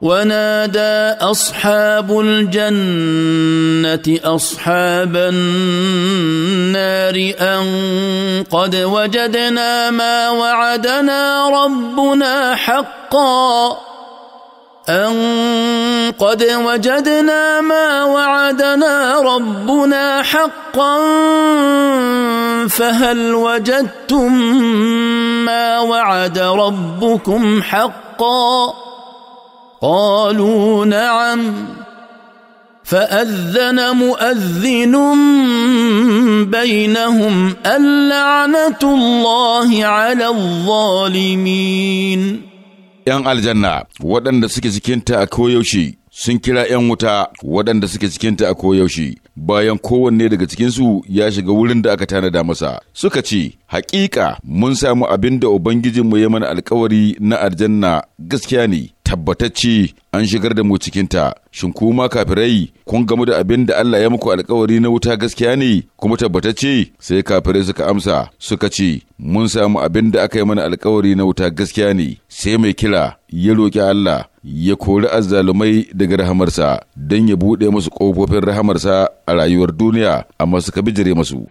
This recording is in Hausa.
ونادى اصحاب الجنه اصحاب النار ان قد وجدنا ما وعدنا ربنا حقا ان قد وجدنا ما وعدنا ربنا حقا فهل وجدتم ما وعد ربكم حقا قالوا نعم فاذن مؤذن بينهم اللعنه الله على الظالمين ‘yan aljanna waɗanda suke cikinta a koyaushe sun kira ‘yan wuta waɗanda suke cikinta a koyaushe bayan kowanne daga cikinsu ya shiga wurin da aka tanada masa suka ce hakika mun samu abin da ubangijinmu ya mana alkawari na aljanna gaskiya ne tabbatacce an shigar da mu cikinta shin kuma kafirai kun gamu da abin da Allah ya muku alkawari na wuta gaskiya ne kuma tabbatacce sai kafirai suka amsa suka ce mun samu abin da aka yi mana alkawari na wuta gaskiya ne sai mai kila ya roƙi Allah ya kori azzalumai daga rahamarsa don ya buɗe musu kofofin rahamarsa a rayuwar duniya amma suka bijire masu